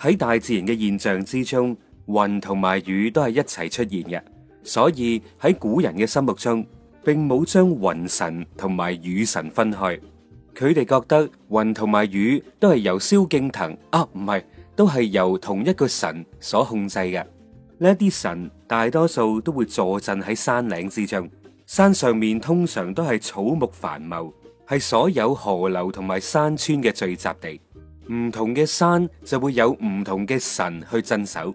喺大自然嘅現象之中，雲同埋雨都係一齊出現嘅。所以，喺古人嘅心目中，並冇將雲神同埋雨神分開。佢哋覺得雲同埋雨都係由蕭敬騰，啊，唔係，都係由同一個神所控制嘅。呢啲神大多數都會坐鎮喺山嶺之中。山上面通常都係草木繁茂，係所有河流同埋山村嘅聚集地。唔同嘅山就會有唔同嘅神去鎮守，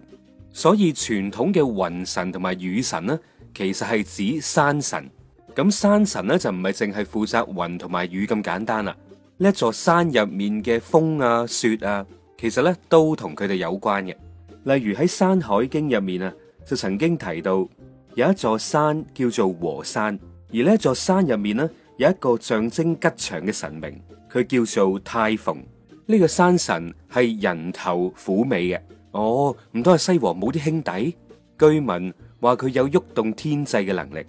所以傳統嘅雲神同埋雨神呢，其實係指山神。咁山神呢就唔係淨係負責雲同埋雨咁簡單啦。呢座山入面嘅風啊、雪啊，其實呢都同佢哋有關嘅。例如喺《山海經》入面啊，就曾經提到有一座山叫做和山，而呢座山入面呢有一個象徵吉祥嘅神明，佢叫做泰逢。呢個山神係人頭虎尾嘅，哦，唔通係西王母啲兄弟？居民話佢有喐動天際嘅能力。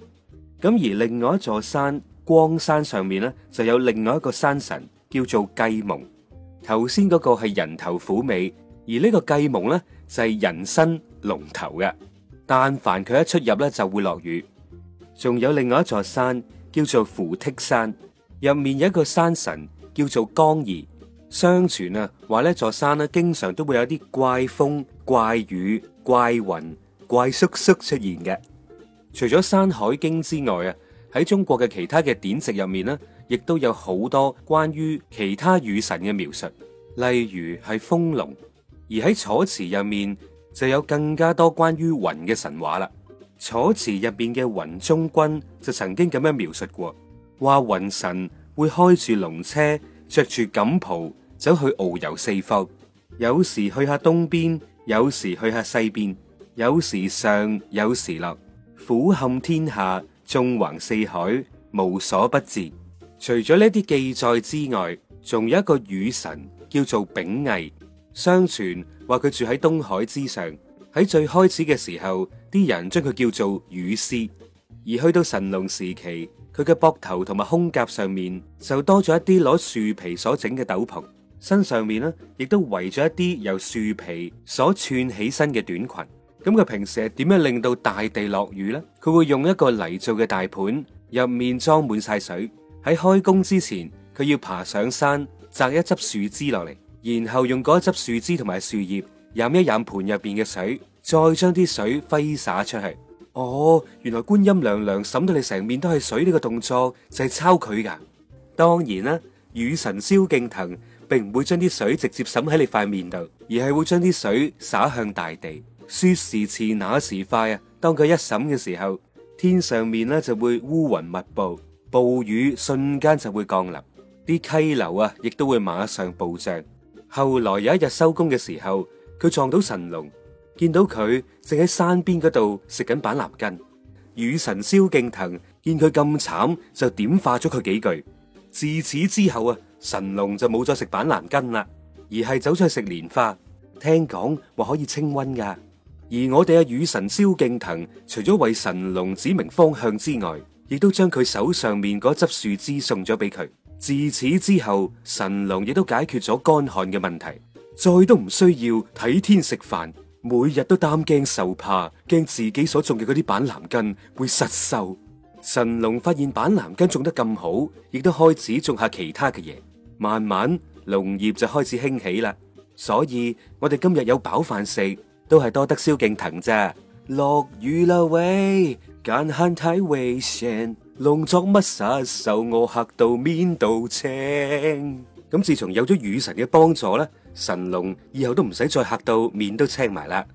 咁而另外一座山光山上面咧，就有另外一個山神叫做計蒙。頭先嗰個係人頭虎尾，而呢個計蒙咧就係人身龍頭嘅。但凡佢一出入咧，就會落雨。仲有另外一座山叫做扶剔山，入面有一個山神叫做江兒。相傳啊，話呢座山呢，經常都會有啲怪風、怪雨、怪雲、怪叔叔出現嘅。除咗《山海經》之外啊，喺中國嘅其他嘅典籍入面呢，亦都有好多關於其他雨神嘅描述。例如係風龍，而喺《楚辭》入面就有更加多關於雲嘅神話啦。《楚辭》入面嘅雲中君就曾經咁樣描述過，話雲神會開住龍車。着住錦袍，走去遨遊四方。有時去下東邊，有時去下西邊，有時上，有時落，俯瞰天下，縱橫四海，無所不至。除咗呢啲記載之外，仲有一個雨神叫做屏翳，相傳話佢住喺東海之上。喺最開始嘅時候，啲人將佢叫做雨師，而去到神農時期。佢嘅膊頭同埋胸甲上面就多咗一啲攞樹皮所整嘅斗篷，身上面呢亦都圍咗一啲由樹皮所串起身嘅短裙。咁佢平時係點樣令到大地落雨呢？佢會用一個泥做嘅大盤，入面裝滿晒水。喺開工之前，佢要爬上山摘一執樹枝落嚟，然後用嗰一執樹枝同埋樹葉飲一飲盤入邊嘅水，再將啲水揮灑出去。哦，原來觀音娘娘審到你成面都係水，呢個動作就係抄佢噶。當然啦，雨神蕭敬騰並唔會將啲水直接審喺你塊面度，而係會將啲水灑向大地。說時遲，那時快啊！當佢一審嘅時候，天上面咧就會烏雲密佈，暴雨瞬間就會降臨，啲溪流啊亦都會馬上暴漲。後來有一日收工嘅時候，佢撞到神龍。見到佢正喺山邊嗰度食緊板藍根，雨神蕭敬騰見佢咁慘，就點化咗佢幾句。自此之後啊，神龍就冇再食板藍根啦，而係走出去食蓮花，聽講話可以清瘟噶。而我哋啊雨神蕭敬騰除咗為神龍指明方向之外，亦都將佢手上面嗰執樹枝送咗俾佢。自此之後，神龍亦都解決咗乾旱嘅問題，再都唔需要睇天食飯。每日都擔驚受怕，驚自己所種嘅嗰啲板藍根會失收。神農發現板藍根種得咁好，亦都開始種下其他嘅嘢，慢慢農業就開始興起啦。所以我哋今日有飽飯食，都係多得蕭敬騰啫。落雨啦喂，間慳睇 v 成，s 農作乜殺手？我吓到面度青。咁自從有咗雨神嘅幫助咧，神龍以後都唔使再嚇到面都青埋啦。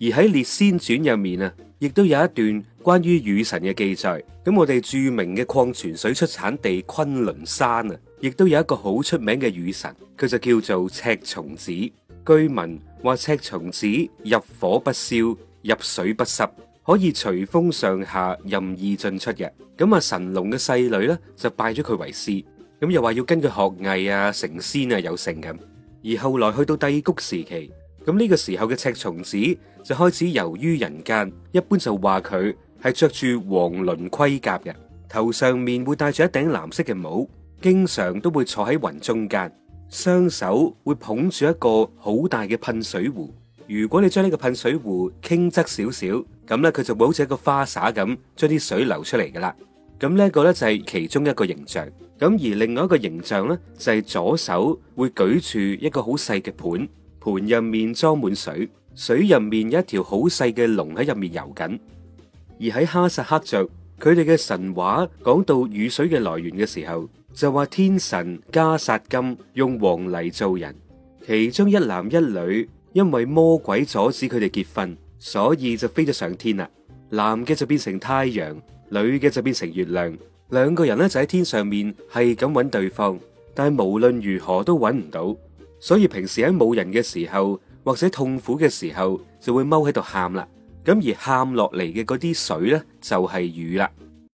而喺《列仙傳》入面啊，亦都有一段關於雨神嘅記載。咁我哋著名嘅礦泉水出產地崑崙山啊，亦都有一個好出名嘅雨神，佢就叫做赤松子。居民話赤松子入火不燒，入水不濕，可以隨風上下，任意進出嘅。咁啊，神龍嘅細女咧就拜咗佢為師。咁又話要跟佢學藝啊，成仙啊，有成咁。而後來去到低谷時期，咁呢個時候嘅赤松子就開始遊於人間。一般就話佢係着住黃綸盔甲嘅，頭上面會戴住一頂藍色嘅帽，經常都會坐喺雲中間，雙手會捧住一個好大嘅噴水壺。如果你將呢個噴水壺傾側少少，咁呢，佢就會好似一個花灑咁，將啲水流出嚟噶啦。咁呢個呢就係其中一個形象，咁而另外一個形象呢就係左手會舉住一個好細嘅盤，盤入面裝滿水，水入面有一條好細嘅龍喺入面游緊。而喺哈薩克族，佢哋嘅神話講到雨水嘅來源嘅時候，就話天神加薩金用黃泥造人，其中一男一女因為魔鬼阻止佢哋結婚，所以就飛咗上天啦，男嘅就變成太陽。女嘅就變成月亮，兩個人咧就喺天上面係咁揾對方，但係無論如何都揾唔到，所以平時喺冇人嘅時候或者痛苦嘅時候就會踎喺度喊啦。咁而喊落嚟嘅嗰啲水呢，就係雨啦。